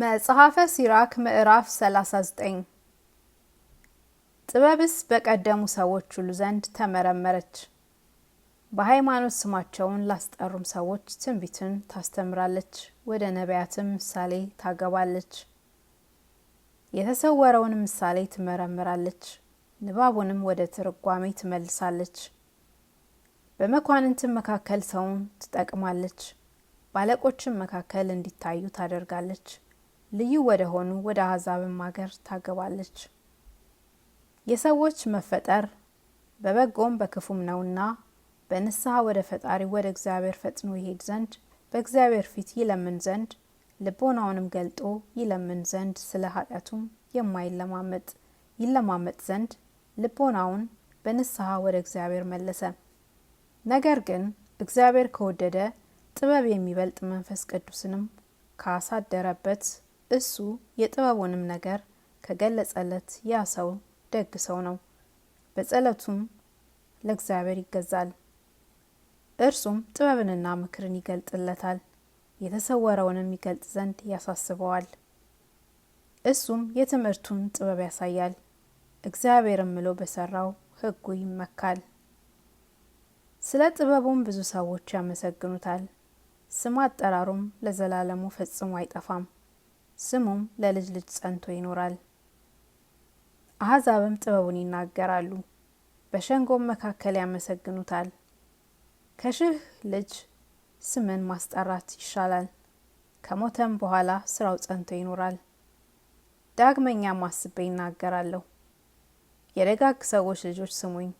መጽሐፈ ሲራክ ምዕራፍ 39 ጥበብስ በቀደሙ ሰዎች ሁሉ ዘንድ ተመረመረች። በሃይማኖት ስማቸውን ላስጠሩም ሰዎች ትንቢትን ታስተምራለች፣ ወደ ነቢያትም ምሳሌ ታገባለች። የተሰወረውን ምሳሌ ትመረምራለች፣ ንባቡንም ወደ ትርጓሜ ትመልሳለች። በመኳንንትም መካከል ሰውን ትጠቅማለች፣ በአለቆችም መካከል እንዲታዩ ታደርጋለች። ልዩ ወደ ሆኑ ወደ አሕዛብም አገር ታገባለች። የሰዎች መፈጠር በበጎም በክፉም ነውና በንስሐ ወደ ፈጣሪ ወደ እግዚአብሔር ፈጥኖ ይሄድ ዘንድ በእግዚአብሔር ፊት ይለምን ዘንድ ልቦናውንም ገልጦ ይለምን ዘንድ ስለ ኃጢአቱም የማይለማመጥ ይለማመጥ ዘንድ ልቦናውን በንስሐ ወደ እግዚአብሔር መለሰ። ነገር ግን እግዚአብሔር ከወደደ ጥበብ የሚበልጥ መንፈስ ቅዱስንም ካሳደረበት እሱ የጥበቡንም ነገር ከገለጸለት ያ ሰው ደግ ሰው ነው፣ በጸለቱም ለእግዚአብሔር ይገዛል። እርሱም ጥበብንና ምክርን ይገልጥለታል፣ የተሰወረውንም ይገልጥ ዘንድ ያሳስበዋል። እሱም የትምህርቱን ጥበብ ያሳያል፣ እግዚአብሔርም ምሎ በሰራው ሕጉ ይመካል። ስለ ጥበቡም ብዙ ሰዎች ያመሰግኑታል፣ ስም አጠራሩም ለዘላለሙ ፈጽሞ አይጠፋም። ስሙም ለልጅ ልጅ ጸንቶ ይኖራል። አሕዛብም ጥበቡን ይናገራሉ፣ በሸንጎም መካከል ያመሰግኑታል። ከሽህ ልጅ ስምን ማስጠራት ይሻላል፣ ከሞተም በኋላ ስራው ጸንቶ ይኖራል። ዳግመኛም አስቤ ይናገራለሁ። የደጋግ ሰዎች ልጆች ስሙኝ፣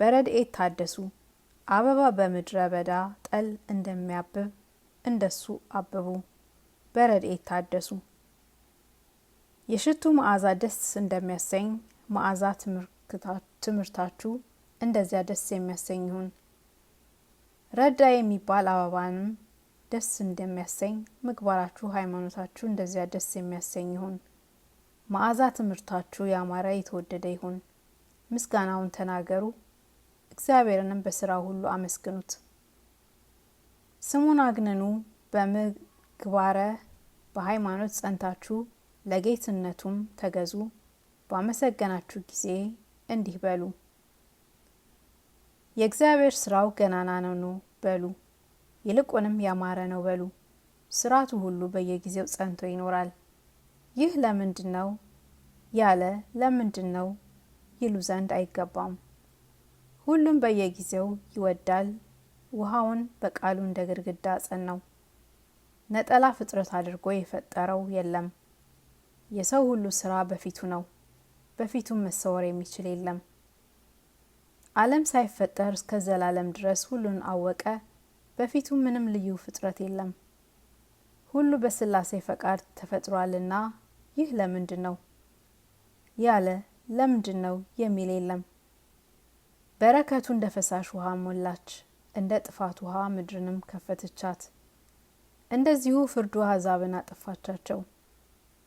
በረድኤት ታደሱ። አበባ በምድረ በዳ ጠል እንደሚያብብ እንደሱ አብቡ፣ በረድኤት ታደሱ። የሽቱ መዓዛ ደስ እንደሚያሰኝ መዓዛ ትምህርታችሁ እንደዚያ ደስ የሚያሰኝ ይሁን። ረዳ የሚባል አበባንም ደስ እንደሚያሰኝ ምግባራችሁ፣ ሃይማኖታችሁ እንደዚያ ደስ የሚያሰኝ ይሁን። መዓዛ ትምህርታችሁ ያማረ የተወደደ ይሁን። ምስጋናውን ተናገሩ፣ እግዚአብሔርንም በስራ ሁሉ አመስግኑት። ስሙን አግንኑ፣ በምግባረ በሃይማኖት ጸንታችሁ ለጌትነቱም ተገዙ። ባመሰገናችሁ ጊዜ እንዲህ በሉ፣ የእግዚአብሔር ስራው ገናና ነው በሉ፣ ይልቁንም ያማረ ነው በሉ። ስራቱ ሁሉ በየጊዜው ጸንቶ ይኖራል። ይህ ለምንድን ነው ያለ ለምንድን ነው ይሉ ዘንድ አይገባም። ሁሉም በየጊዜው ይወዳል። ውሃውን በቃሉ እንደ ግድግዳ አጸናው። ነጠላ ፍጥረት አድርጎ የፈጠረው የለም። የሰው ሁሉ ስራ በፊቱ ነው፣ በፊቱም መሰወር የሚችል የለም። ዓለም ሳይፈጠር እስከ ዘላለም ድረስ ሁሉን አወቀ፣ በፊቱ ምንም ልዩ ፍጥረት የለም። ሁሉ በስላሴ ፈቃድ ተፈጥሯልና ይህ ለምንድን ነው ያለ ለምንድን ነው የሚል የለም። በረከቱ እንደ ፈሳሽ ውሃ ሞላች፣ እንደ ጥፋት ውሃ ምድርንም ከፈተቻት። እንደዚሁ ፍርዱ አሕዛብን አጠፋቻቸው።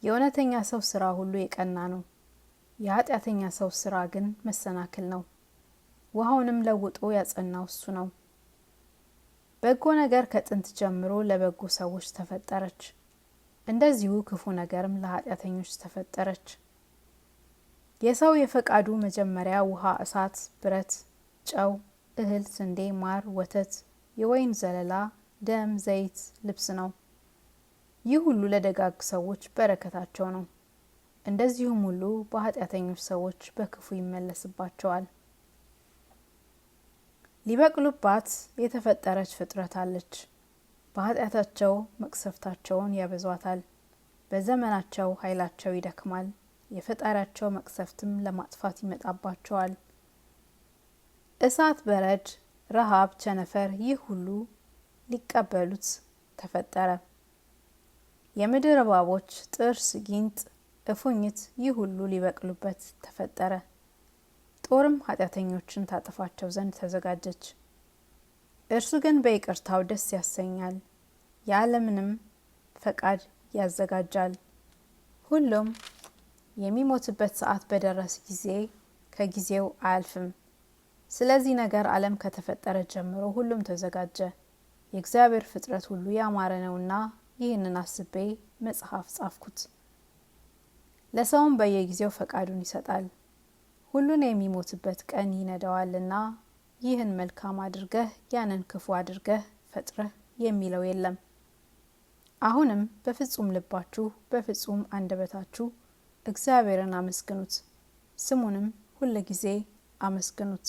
የእውነተኛ ሰው ስራ ሁሉ የቀና ነው፣ የኃጢአተኛ ሰው ስራ ግን መሰናክል ነው። ውሃውንም ለውጦ ያጸናው እሱ ነው። በጎ ነገር ከጥንት ጀምሮ ለበጎ ሰዎች ተፈጠረች፣ እንደዚሁ ክፉ ነገርም ለኃጢአተኞች ተፈጠረች። የሰው የፈቃዱ መጀመሪያ ውሃ፣ እሳት፣ ብረት፣ ጨው፣ እህል፣ ስንዴ፣ ማር፣ ወተት፣ የወይን ዘለላ፣ ደም፣ ዘይት፣ ልብስ ነው። ይህ ሁሉ ለደጋግ ሰዎች በረከታቸው ነው። እንደዚሁም ሁሉ በኃጢአተኞች ሰዎች በክፉ ይመለስባቸዋል። ሊበቅሉባት የተፈጠረች ፍጥረት አለች። በኃጢአታቸው መቅሰፍታቸውን ያበዟታል። በዘመናቸው ኃይላቸው ይደክማል። የፈጣሪያቸው መቅሰፍትም ለማጥፋት ይመጣባቸዋል። እሳት፣ በረድ፣ ረሃብ፣ ቸነፈር ይህ ሁሉ ሊቀበሉት ተፈጠረ። የምድር እባቦች ጥርስ፣ ጊንጥ፣ እፉኝት ይህ ሁሉ ሊበቅሉበት ተፈጠረ። ጦርም ኃጢአተኞችን ታጠፋቸው ዘንድ ተዘጋጀች። እርሱ ግን በይቅርታው ደስ ያሰኛል፣ የዓለምንም ፈቃድ ያዘጋጃል። ሁሉም የሚሞትበት ሰዓት በደረስ ጊዜ ከጊዜው አያልፍም። ስለዚህ ነገር ዓለም ከተፈጠረ ጀምሮ ሁሉም ተዘጋጀ። የእግዚአብሔር ፍጥረት ሁሉ ያማረ ነውና ይህንን አስቤ መጽሐፍ ጻፍኩት። ለሰውም በየጊዜው ፈቃዱን ይሰጣል፣ ሁሉን የሚሞትበት ቀን ይነደዋልና ይህን መልካም አድርገህ ያንን ክፉ አድርገህ ፈጥረህ የሚለው የለም። አሁንም በፍጹም ልባችሁ በፍጹም አንደበታችሁ እግዚአብሔርን አመስግኑት፣ ስሙንም ጊዜ አመስግኑት።